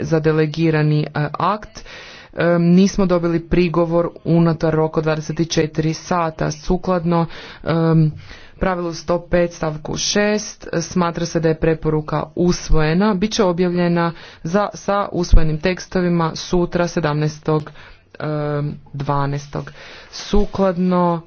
za delegirani e, akt e, nismo dobili prigovor unutar roka 24 sata. Sukladno e, pravilu 105 stavku 6 smatra se da je preporuka usvojena. Biće objavljena za, sa usvojenim tekstovima sutra 17. 12. Sukladno